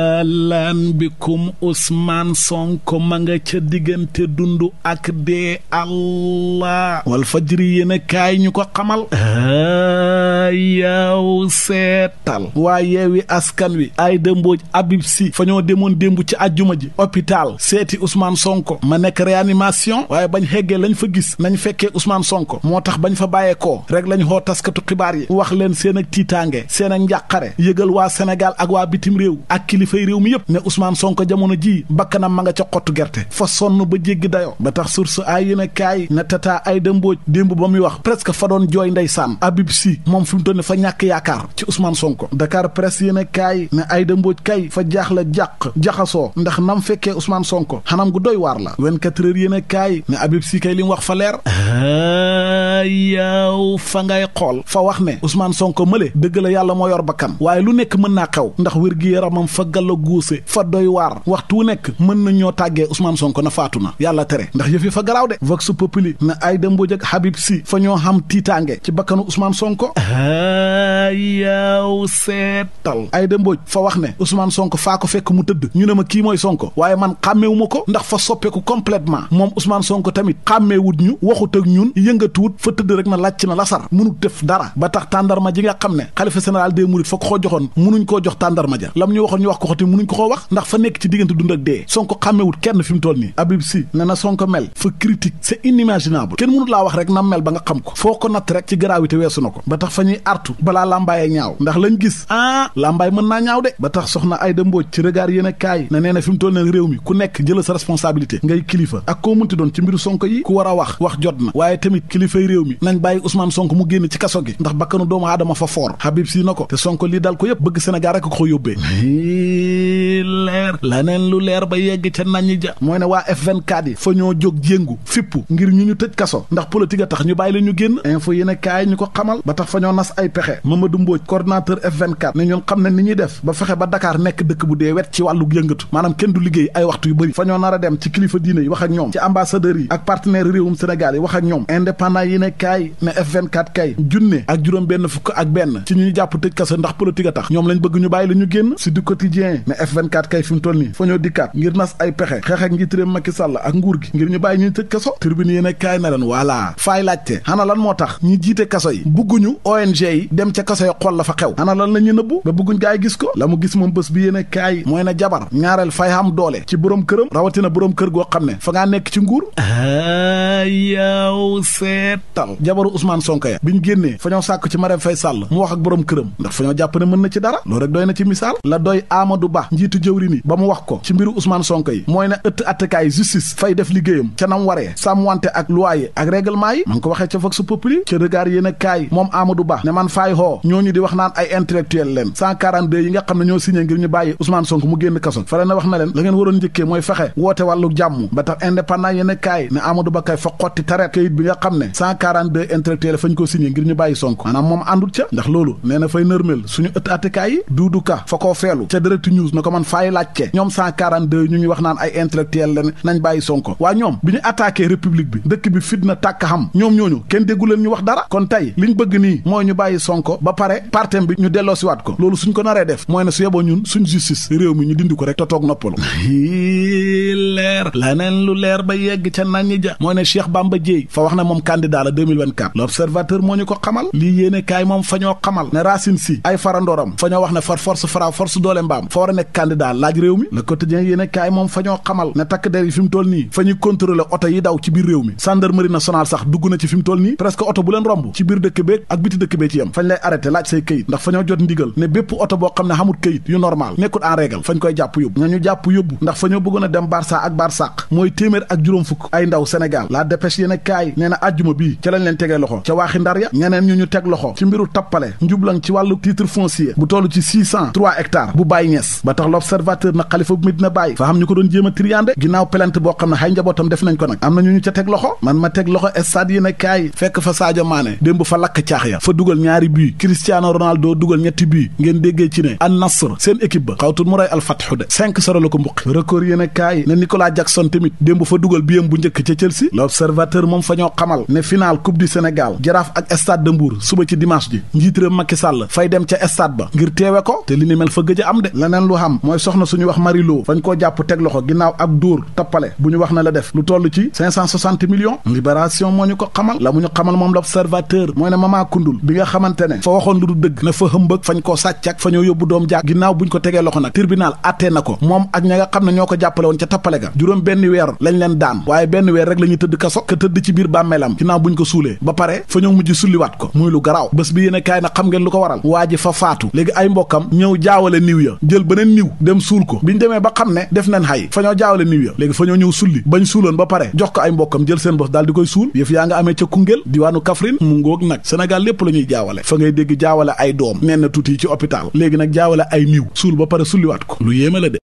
ahlan bikum Ousmane Sonko ma nga ca diggante dund ak dee allah wal fajri yéen a kaay ñu ko xamal yaw seetal waa yeewi askan wi ay dëmbooj Habib Sy fa ñoo demoon démb ci ajjuma ji hôpital seeti Ousmane Sonko ma nekk réanimation waaye bañ xeggee lañ fa gis nañ fekkee usmaan Sonko moo tax bañ fa bàyyeekoo rek lañ xoo taskatu xibaar yi wax leen seen ak tiitaange seen ak njàqare yëgal waa Sénégal ak waa bitim réew ak kilifa kilifay réew mi yëpp ne Ousmane Sonko jamono ji bakkanam ma nga ca xottu gerte fa sonn ba jéggi dayo ba tax source ay yéen a kaay ay Tata Aïda Mbodj démb ba muy wax presque fa doon jooy ndeysaan Habib si moom fi mu toll fa ñàkk yaakaar ci Ousmane Sonko Dakar Presse yéen a kaay ay Aïda Mbodj kay fa jaaxle jàq jaxasoo ndax nam fekkee Ousmane Sonko xanam gu doy waar la 24 heures yéen a kaay ne Habib Sy kay li mu wax fa leer ah, yaw fa ngay xool fa wax ne Ousmane Sonko mële dëgg la yàlla moo yor bakkan waaye lu nekk mën naa saaga la guuse fa doy waar waxtu nekk mën na ñoo tàggee Ousmane Sonko na faatu na yàlla tere ndax yëf fa garaaw de vox populi na Aïda Mbodj ak Habib fa ñoo xam tiitaange ci bakkanu Ousmane Sonko yaw seetal Aïda Mbodj fa wax ne Ousmane Sonko faa ko fekk mu tëdd ñu ne ma kii mooy Sonko waaye man xàmmeewu ko ndax fa soppeeku complètement moom Ousmane Sonko tamit xàmmeewut ñu waxut ak ñun yëngatuwut fa tëdd rek na làcc na lasar mënut def dara ba tax tàndarma ji nga xam ne xalifa général des mourides fa ko koo jox tàndarma waxati mënuñ ko koo wax ndax fa nekk ci diggante dund ak dee Sonko xàmmewut kenn fi mu toll nii Habib Sy ne na mel fa critique c'est inimaginable kenn mënut laa wax rek nammel ba nga xam ko foo ko natt rek ci gravité weesu na ko ba tax fa ñuy artu balaa làmbaay ñaaw ndax lañ gis ah làmbaay mën naa ñaaw de ba tax soxna Aïda Mbodj ci regard yéen a kaay ne na fi mu toll nii réew mi ku nekk jëla sa responsabilité ngay kilifa ak koo munti doon ci yi ku war a wax wax jot na waaye tamit kilifay réew mi nañ bàyyi Ousmane Sonko mu génn ci kaso gi ndax bakkanu doomu aadama fa foor Habib Sy na ko te Sonko lii dal ko leer laneen lu leer ba yegg ca nañ ja mooy ne waa F24 yi fa ñoo jóg jéngu fippu ngir ñu ñu tëj kaso ndax politique a tax ñu bàyyi la ñu génn info yi ne kaay ñu ko xamal ba tax fa ñoo nas ay pexe Mamadou Mbodj coordonnateur F24 ne ñoom xam ne ni ñuy def ba fexe ba Dakar nekk dëkk bu dee wet ci wàllu yëngatu maanaam kenn du liggéey ay waxtu yu bëri fa ñoo nar a dem ci kilifa diine yi wax ak ñoom ci ambassadeurs yi ak partenaire réewum Sénégal yi wax ak ñoom indépendant yi ne kaay ne F24 kay junne ak juróom benn fukk ak benn ci ñu jàpp tëj kaso ndax politique a tax ñoom lañ bëgg ñu bàyyi la ñu génn si du quotidien quotidien mais f kay fi mu nii fa ñoo dikkaat ngir nas ay pexe xeex ak njiit réew ak nguur gi ngir ñu bàyyi ñu tëj kaso tribune yéen kaay na leen voilà faay laajte xana lan moo tax ñi jiite kaso yi bugguñu ONG yi dem ca kaso yi xool la fa xew xana lan la ñu nëbbu ba bugguñ gaay gis ko la mu gis moom bés bi yéen kaay mooy na jabar ñaareel fay am doole ci borom këram rawatina borom kër goo xam ne fa ngaa nekk ci nguur yow seetal jabaru Ousmane Sonko ya bi ñu génnee fa ñoo ci Marème Faye Sall ak borom këram Amadou Ba njiitu jëwrin yi ba mu wax ko ci mbiru Ousmane Sonko yi mooy ne ëtt attekaay justice fay def liggéeyam ca nam waree sàmmwante ak loi yi ak règlement yi ma ngi ko waxee ca Vox Populi ca regard yéen a kaay moom Amadou Ba ne man faay hoo ñooñu di wax naan ay intellectuel leen 142 yi nga xam ne ñoo signé ngir ñu bàyyi Ousmane Sonko mu génn kaso fare na wax na leen la ngeen waroon njëkkee mooy fexe woote wàllu jàmm ba tax indépendant yéen a kaay ne Amadou Ba kay fa xotti taret kayit bi nga xam ne 142 intellectuel fañ ko signé ngir ñu bàyyi Sonko maanaam moom àndut ca ndax loolu nee na fay nërmel suñu ëtt attekaay yi duudu ka fa koo feelu ca direct news na ko man faay laajte ñoom 142 ñu ngi wax naan ay intellectuel leen nañ bàyyi Sonko waa ñoom bi ñu attaqué république bi dëkk bi fit fitna tàkk xam ñoom ñooñu kenn déggu leen ñu wax dara kon tey liñ bëgg nii mooy ñu bàyyi Sonko ba pare partem bi ñu delloo delloosiwaat ko loolu suñ ko naree def mooy ne su yeboo ñun suñ justice réew mi ñu dindi ko rek te toog noppalu leer laneen lu leer ba yegg ca nañ ñi ja mooy ne Cheikh Bamba Dièye fa wax na moom candidat la 2024 l'observateur moo ñu ko xamal lii yéene kaay moom fa ñoo xamal ne Racine ay farandoram fa wax ne far force fra force doole mbaam fa war a nekk candidat laaj réew mi le quotidien yéen a kaay moom fa ñoo xamal ne takk der yi fi mu nii fa ñuy contrôler oto yi daw ci biir réew mi na nationale sax dugg na ci fi mu toll nii presque oto bu leen romb ci biir dëkk beeg ak biti dëkk bee ci yem fañ lay arrêté laaj say këyit ndax fa ñoo jot ndigal ne bépp oto boo xam ne xamul këyit yu normal nekkul en fañ koy jàpp yóbbu ñu jàpp yóbbu ndax fa ñoo bëggoon a dem Barça ak Barsaq mooy téeméer ak juróom fukk ay ndaw Sénégal la dépêche yéen a kaay nee na àjjuma bii tegee loxo ca waaxi ndar ya ñeneen ñu ñu teg loxo mbiru tappale njublang ci wàllu titre foncier bu toll ci six cent trois hectares bu Niass ba tax l'observateur na xalifa bu Medina Baye fa xam ñu ko doon jéem a triande ginnaaw plainte boo xam ne xay njabootam def nañ ko nag am na ñu ñu ca teg loxo man ma teg loxo stade yi ne fekk fa Sadio Mané démb fa lakk caax ya fa dugal ñaari bii Cristiano Ronaldo dugal ñetti bii ngeen déggee ci ne Al seen équipe ba xawtul mu ray Al Fathu de cinq soro la ko mbuqi record yéen a ne Nicolas Jackson tamit démb fa dugal biyam bu njëkk a leneen lu xam mooy soxna suñu wax Marie Lo fañ koo jàpp teg loxo ginnaaw ab dóor tappale bu ñu wax na la def lu toll ci cinq cent soixante millions libération moo ñu ko xamal la mu ñu xamal moom l'observateur mooy ne mamaa kundul bi nga xamante ne fa waxoon lu du dëgg na fa hëmbëg fañ koo sàcc fa ñoo yóbbu doom jaak ginnaaw buñ ko tegee loxo nag tribunal attee na ko moom ak ña nga xam ne ñoo ko jàppale woon ca tappale ga juróom benn weer lañ leen daan waaye benn weer rek la ñuy tëdd kaso ka tëdd ci biir bàmmeelam ginnaaw buñ ko suulee ba pare fa ko muy lu garaaw bés bi yéen kaay na xam ngeen lu ko waral waa ji fa faatu léegi ay mbokkam ñëw jaawale niw ya jël beneen niw dem suul ko bi ñu demee ba xam ne def nañ xay fa ñoo jaawale niw ya léegi fa ñoo ñëw sulli bañ suuloon ba pare jox ko ay mbokkam jël seen bos daal di koy suul yëf yaa nga amee ca Koungheul diwaanu Kaffrine mu ngoog nag Sénégal lépp la ñuy jaawale fa ngay dégg jaawale ay doom nen na tuuti yi ci hôpital léegi nag jaawale ay niw suul ba pare sulliwaat ko lu yéeme la de